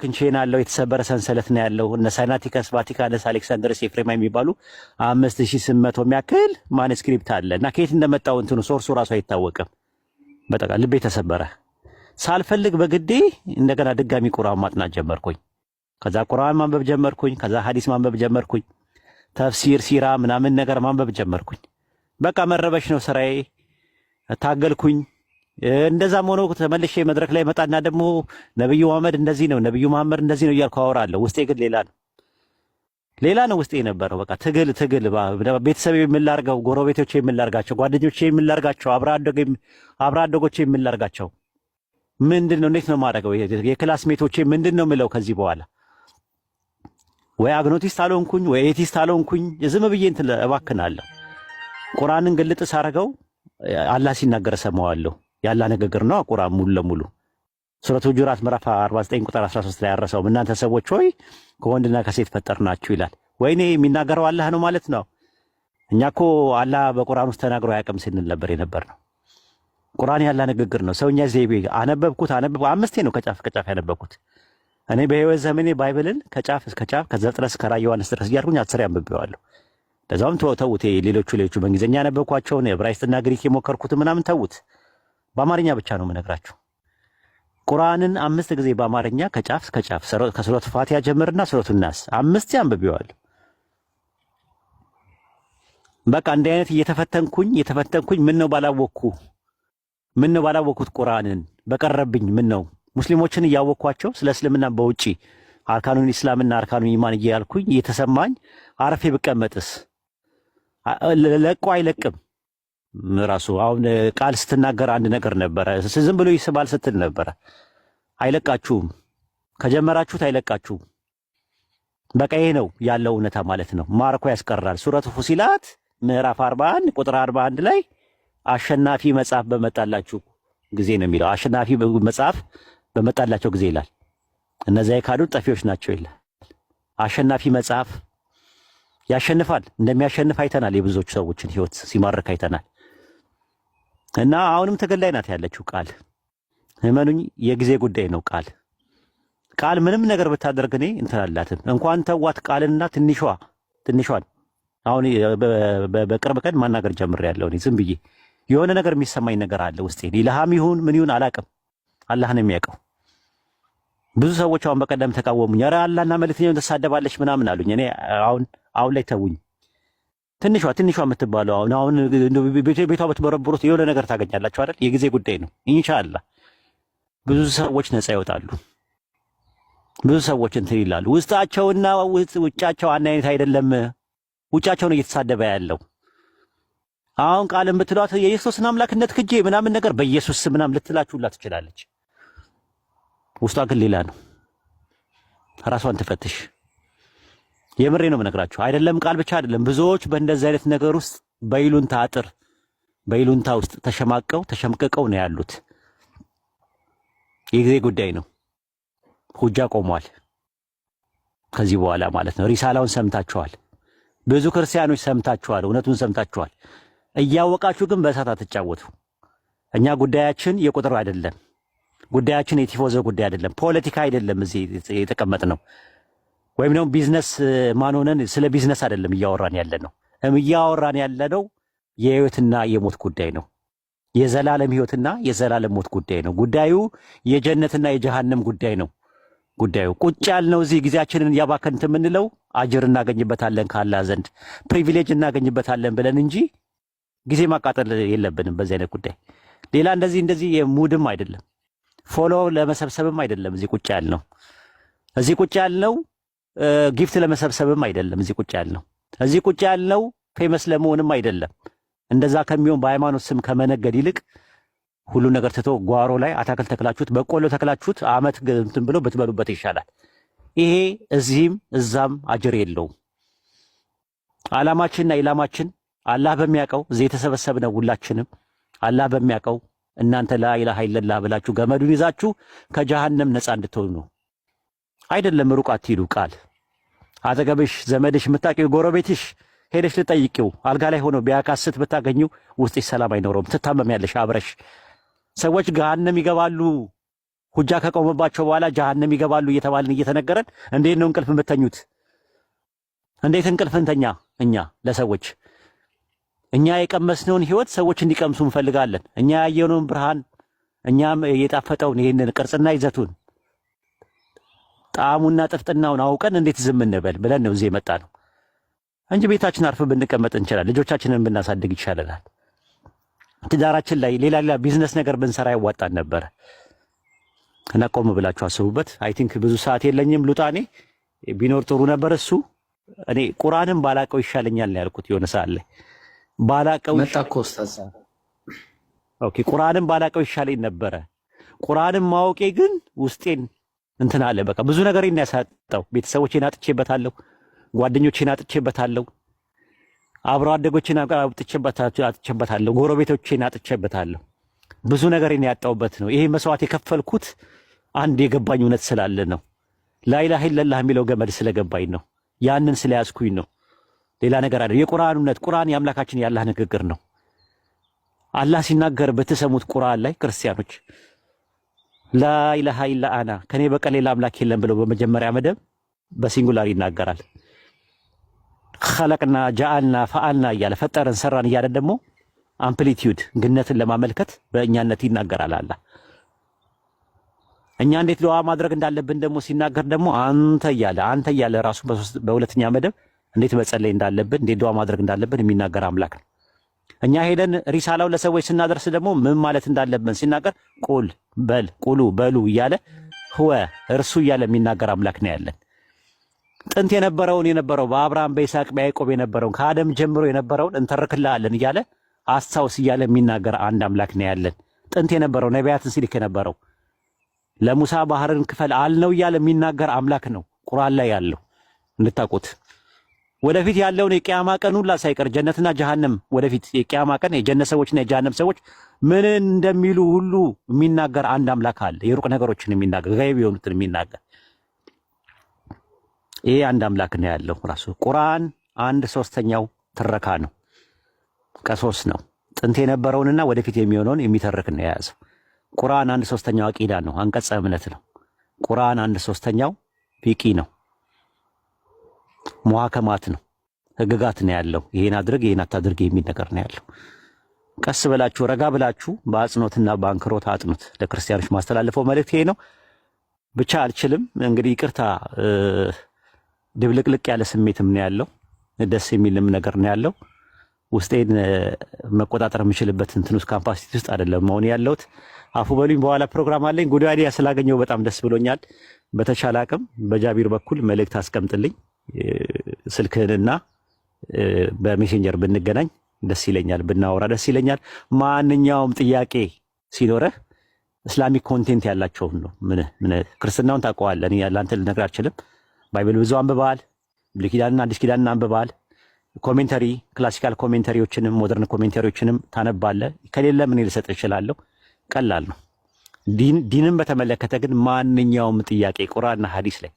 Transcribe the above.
ክንቼና ያለው የተሰበረ ሰንሰለት ነው ያለው። እነ ሳይናቲከስ፣ ቫቲካንስ፣ አሌክሳንደርስ፣ ኤፍሬማ የሚባሉ አምስት ሺህ ስምንት መቶ የሚያክል ማንስክሪፕት አለ እና ከየት እንደመጣው እንትኑ ሶርሱ ራሱ አይታወቅም። በጠቃ ልቤ ተሰበረ። ሳልፈልግ በግዴ እንደገና ድጋሚ ቁርአን ማጥናት ጀመርኩኝ። ከዛ ቁርአን ማንበብ ጀመርኩኝ። ከዛ ሀዲስ ማንበብ ጀመርኩኝ። ተፍሲር፣ ሲራ ምናምን ነገር ማንበብ ጀመርኩኝ። በቃ መረበሽ ነው ስራዬ። ታገልኩኝ። እንደዛም ሆኖ ተመልሼ መድረክ ላይ መጣና ደግሞ ነብዩ መሐመድ እንደዚህ ነው፣ ነብዩ መሐመድ እንደዚህ ነው እያልኩ አወራለሁ። ውስጤ ግን ሌላ ነው፣ ሌላ ነው ውስጤ የነበረው። በቃ ትግል ትግል፣ ቤተሰብ የምላርገው፣ ጎረቤቶች የምላርጋቸው፣ ጓደኞች የምላርጋቸው፣ አብረ አደጎች የምላርጋቸው ምንድን ነው? እንዴት ነው ማድረገው? የክላስ ሜቶቼ ምንድን ነው ምለው? ከዚህ በኋላ ወይ አግኖቲስት አልሆንኩኝ ወይ ኤቲስት አልሆንኩኝ፣ ዝም ብዬ እንትን እባክናለሁ። ቁርአንን ግልጥ ሳረገው አላህ ሲናገር ሰማዋለሁ። ያላ ንግግር ነው። ቁርአን ሙሉ ለሙሉ ሱረቱ ጁራት ምዕራፍ 49 ቁጥር 13 ላይ ያረሰው እናንተ ሰዎች ሆይ ከወንድና ከሴት ፈጠርናችሁ ይላል። ወይኔ የሚናገረው አላህ ነው ማለት ነው። እኛ እኮ አላህ በቁርአን ውስጥ ተናግሮ አያውቅም ስንል ነበር የነበር ነው። ቁርአን ያላ ንግግር ነው። ሰውኛ ዘይቤ አነበብኩት አነበብኩ አምስቴ ነው ከጫፍ ከጫፍ ያነበብኩት እኔ በህይወት ዘመኔ ባይብልን ከጫፍ እስከ ጫፍ ከዘፍጥረት እስከ ራዕየ ዮሐንስ ድረስ እያልኩኝ አስር ያንብቤዋለሁ። በዛውም ተውት ሌሎቹ ሌሎቹ በእንግሊዝኛ ያነበብኳቸውን ዕብራይስጥና ግሪክ የሞከርኩት ምናምን ተውት። በአማርኛ ብቻ ነው የምነግራችሁ። ቁርአንን አምስት ጊዜ በአማርኛ ከጫፍ እስከ ጫፍ ከሱረት ፋቲያ ጀምርና ሱረቱ ናስ አምስት አንብቤዋል። በቃ እንዲህ አይነት እየተፈተንኩኝ እየተፈተንኩኝ ምን ነው ባላወቅኩ ምን ነው ባላወቅኩት ቁርአንን በቀረብኝ ምን ነው ሙስሊሞችን እያወቅኳቸው ስለ እስልምና በውጪ አርካኑን ኢስላምና አርካኑን ኢማን እያልኩኝ እየተሰማኝ አረፌ ብቀመጥስ ለቆ አይለቅም ምራሱ አሁን ቃል ስትናገር አንድ ነገር ነበረ። ዝም ብሎ ይስባል ስትል ነበረ። አይለቃችሁም፣ ከጀመራችሁት አይለቃችሁም። በቃ ይሄ ነው ያለው እውነታ ማለት ነው። ማርኮ ያስቀራል። ሱረቱ ፉሲላት ምዕራፍ 41 ቁጥር 41 ላይ አሸናፊ መጽሐፍ በመጣላችሁ ጊዜ ነው የሚለው። አሸናፊ መጽሐፍ በመጣላቸው ጊዜ ይላል። እነዚያ የካዱት ጠፊዎች ናቸው ይላል። አሸናፊ መጽሐፍ ያሸንፋል። እንደሚያሸንፍ አይተናል። የብዙዎቹ ሰዎችን ህይወት ሲማርክ አይተናል። እና አሁንም ትግል ናት ያለችው ቃል። እመኑኝ የጊዜ ጉዳይ ነው። ቃል ቃል ምንም ነገር ብታደርግ እኔ እንትን እንኳን ተዋት ቃልና ትንሿ ትንሿን አሁን በቅርብ ቀን ማናገር ጀምር ያለው ዝም ብዬ የሆነ ነገር የሚሰማኝ ነገር አለ ውስጤ። ይልሃም ይሁን ምን ይሁን አላውቅም፣ አላህ ነው የሚያውቀው። ብዙ ሰዎች አሁን በቀደም ተቃወሙኝ። ኧረ አላህና መልእክተኛውን ትሳደባለች ምናምን አሉኝ። እኔ አሁን አሁን ላይ ተውኝ። ትንሿ ትንሿ የምትባለው አሁን አሁን ቤቷ ብትበረብሩት የሆነ ነገር ታገኛላችሁ አይደል? የጊዜ ጉዳይ ነው። እንሻላ ብዙ ሰዎች ነፃ ይወጣሉ። ብዙ ሰዎች እንትን ይላሉ። ውስጣቸውና ውጫቸው አንድ አይነት አይደለም። ውጫቸውን እየተሳደበ ያለው አሁን ቃል ብትሏት የኢየሱስን አምላክነት ክጄ ምናምን ነገር በኢየሱስ ምናምን ልትላችሁላ ትችላለች። ውስጧ ግን ሌላ ነው። ራሷን ትፈትሽ። የምሬ ነው የምነግራችሁ። አይደለም ቃል ብቻ አይደለም። ብዙዎች በእንደዚህ አይነት ነገር ውስጥ በይሉንታ አጥር በይሉንታ ውስጥ ተሸማቀው ተሸምቅቀው ነው ያሉት። የጊዜ ጉዳይ ነው። ሁጃ ቆሟል፣ ከዚህ በኋላ ማለት ነው። ሪሳላውን ሰምታችኋል። ብዙ ክርስቲያኖች ሰምታችኋል፣ እውነቱን ሰምታችኋል። እያወቃችሁ ግን በእሳት አትጫወቱ። እኛ ጉዳያችን የቁጥር አይደለም፣ ጉዳያችን የቲፎዘ ጉዳይ አይደለም፣ ፖለቲካ አይደለም። እዚህ የተቀመጥ ነው ወይም ደግሞ ቢዝነስ ማንሆነን ስለ ቢዝነስ አይደለም እያወራን ያለ ነው። እያወራን ያለ ነው የህይወትና የሞት ጉዳይ ነው። የዘላለም ህይወትና የዘላለም ሞት ጉዳይ ነው። ጉዳዩ የጀነትና የጀሃነም ጉዳይ ነው። ጉዳዩ ቁጭ ያልነው እዚህ ጊዜያችንን እያባከንት የምንለው አጅር እናገኝበታለን ካላ ዘንድ ፕሪቪሌጅ እናገኝበታለን ብለን እንጂ ጊዜ ማቃጠል የለብንም በዚህ አይነት ጉዳይ። ሌላ እንደዚህ እንደዚህ የሙድም አይደለም ፎሎ ለመሰብሰብም አይደለም እዚህ ቁጭ ያልነው እዚህ ቁጭ ያልነው ጊፍት ለመሰብሰብም አይደለም እዚህ ቁጭ ያልነው። እዚህ ቁጭ ያልነው ፌመስ ለመሆንም አይደለም። እንደዛ ከሚሆን በሃይማኖት ስም ከመነገድ ይልቅ ሁሉ ነገር ትቶ ጓሮ ላይ አታክልት ተክላችሁት በቆሎ ተክላችሁት አመት እንትን ብሎ ብትበሉበት ይሻላል። ይሄ እዚህም እዛም አጅር የለውም። አላማችንና ኢላማችን አላህ በሚያውቀው እዚህ የተሰበሰብነው ሁላችንም አላህ በሚያውቀው እናንተ ላኢላሃ ኢለላህ ብላችሁ ገመዱን ይዛችሁ ከጀሃነም ነፃ እንድትሆኑ ነው። አይደለም ሩቅ አትሂዱ። ቃል አጠገብሽ ዘመድሽ የምታውቂው ጎረቤትሽ ሄደሽ ልጠይቂው አልጋ ላይ ሆኖ ቢያካስት ብታገኙ ውስጤ ሰላም አይኖረውም። ትታመሚያለሽ አብረሽ። ሰዎች ገሃነም ይገባሉ ሁጃ ከቆመባቸው በኋላ ጀሃነም ይገባሉ እየተባልን እየተነገረን እንዴት ነው እንቅልፍ የምተኙት? እንዴት እንቅልፍ እንተኛ? እኛ ለሰዎች እኛ የቀመስነውን ህይወት ሰዎች እንዲቀምሱ እንፈልጋለን። እኛ ያየነውን ብርሃን፣ እኛም የጣፈጠውን ይህንን ቅርጽና ይዘቱን ጣዕሙና ጥፍጥናውን አውቀን እንዴት ዝም እንበል ብለን ነው እዚህ የመጣ ነው እንጂ ቤታችን አርፍ ብንቀመጥ እንችላል። ልጆቻችንን ብናሳድግ ይሻለናል። ትዳራችን ላይ ሌላ ሌላ ቢዝነስ ነገር ብንሰራ ይዋጣን ነበረ እና ቆም ብላችሁ አስቡበት። አይ ቲንክ ብዙ ሰዓት የለኝም ሉጣኔ ቢኖር ጥሩ ነበር እሱ እኔ ቁርአንም ባላቀው ይሻለኛል ያልኩት የሆነ ሰዓት ላይ ባላቀው ኦኬ፣ ቁርአንም ባላቀው ይሻለኝ ነበረ። ቁርአንም ማወቄ ግን ውስጤን እንትን አለ። በቃ ብዙ ነገር ያሳጣው ቤተሰቦቼን አጥቼበታለሁ፣ ጓደኞቼን አጥቼበታለሁ፣ አብሮ አደጎቼን አጥቼበታለሁ፣ ጎረቤቶቼን አጥቼበታለሁ። ብዙ ነገር ያጣውበት ነው። ይሄ መስዋዕት የከፈልኩት አንድ የገባኝ እውነት ስላለ ነው። ላኢላሀ ኢለላህ የሚለው ገመድ ስለገባኝ ነው። ያንን ስለያዝኩኝ ነው። ሌላ ነገር አይደለም። የቁርአን እውነት ቁርአን የአምላካችን ያላህ ንግግር ነው። አላህ ሲናገር በተሰሙት ቁርአን ላይ ክርስቲያኖች ላኢላሃ ኢላ አና ከኔ በቀር ሌላ አምላክ የለም ብለው በመጀመሪያ መደብ በሲንጉላር ይናገራል። ኸለቅና ጃአልና ፈአልና እያለ ፈጠረን ሰራን እያለ ደግሞ አምፕሊቲዩድ ግነትን ለማመልከት በእኛነት ይናገራል። አላ እኛ እንዴት ለዋ ማድረግ እንዳለብን ደግሞ ሲናገር ደግሞ አንተ እያለ አንተ እያለ ራሱ በሁለተኛ መደብ እንዴት መጸለይ እንዳለብን እንዴት ዱዓ ማድረግ እንዳለብን የሚናገር አምላክ ነው። እኛ ሄደን ሪሳላው ለሰዎች ስናደርስ ደግሞ ምን ማለት እንዳለብን ሲናገር ቁል በል ቁሉ በሉ እያለ ህወ እርሱ እያለ የሚናገር አምላክ ነው ያለን። ጥንት የነበረውን የነበረው በአብርሃም በይስሐቅ በያዕቆብ የነበረውን ከአደም ጀምሮ የነበረውን እንተርክልሃለን እያለ አስታውስ እያለ የሚናገር አንድ አምላክ ነው ያለን። ጥንት የነበረው ነቢያትን ሲልክ የነበረው ለሙሳ ባህርን ክፈል አልነው እያለ የሚናገር አምላክ ነው ቁርአን ላይ ያለው እንድታውቁት ወደፊት ያለውን የቅያማ ቀን ሁላ ሳይቀር ጀነትና ጀሃንም ወደፊት የቅያማ ቀን የጀነት ሰዎችና የጀሃነም ሰዎች ምን እንደሚሉ ሁሉ የሚናገር አንድ አምላክ አለ። የሩቅ ነገሮችን የሚናገር ገይብ የሆኑትን የሚናገር ይሄ አንድ አምላክ ነው ያለው። ራሱ ቁርአን አንድ ሶስተኛው ትረካ ነው፣ ከሶስት ነው። ጥንት የነበረውንና ወደፊት የሚሆነውን የሚተርክ ነው የያዘው። ቁርአን አንድ ሶስተኛው አቂዳ ነው፣ አንቀጸ እምነት ነው። ቁርአን አንድ ሶስተኛው ፊቂ ነው። መዋከማት ነው፣ ህግጋት ነው ያለው። ይሄን አድርግ ይሄን አታድርግ የሚል ነገር ነው ያለው። ቀስ ብላችሁ ረጋ ብላችሁ በአጽኖትና በአንክሮት አጥኑት። ለክርስቲያኖች ማስተላለፈው መልእክት ይሄ ነው። ብቻ አልችልም እንግዲህ ይቅርታ። ድብልቅልቅ ያለ ስሜትም ነው ያለው፣ ደስ የሚልም ነገር ነው ያለው። ውስጤን መቆጣጠር የምችልበት እንትን ውስጥ ካምፓሲቲ ውስጥ አይደለም መሆን ያለውት። አፉ በሉኝ፣ በኋላ ፕሮግራም አለኝ። ጉዳይ ስላገኘው በጣም ደስ ብሎኛል። በተቻለ አቅም በጃቢር በኩል መልእክት አስቀምጥልኝ። ስልክህንና በሜሴንጀር ብንገናኝ ደስ ይለኛል፣ ብናወራ ደስ ይለኛል። ማንኛውም ጥያቄ ሲኖረህ እስላሚክ ኮንቴንት ያላቸውን ነው። ምን ምን ክርስትናውን ታውቀዋለህ፣ እኔ ለአንተ ልነግር አልችልም። ባይብል ብዙ አንብበሃል፣ ብሉይ ኪዳንና አዲስ ኪዳንን አንብበሃል። ኮሜንተሪ ክላሲካል ኮሜንተሪዎችንም ሞደርን ኮሜንተሪዎችንም ታነባለህ። ከሌለ ምን ልሰጥ እችላለሁ። ቀላል ነው። ዲንን በተመለከተ ግን ማንኛውም ጥያቄ ቁርአንና ሐዲስ ላይ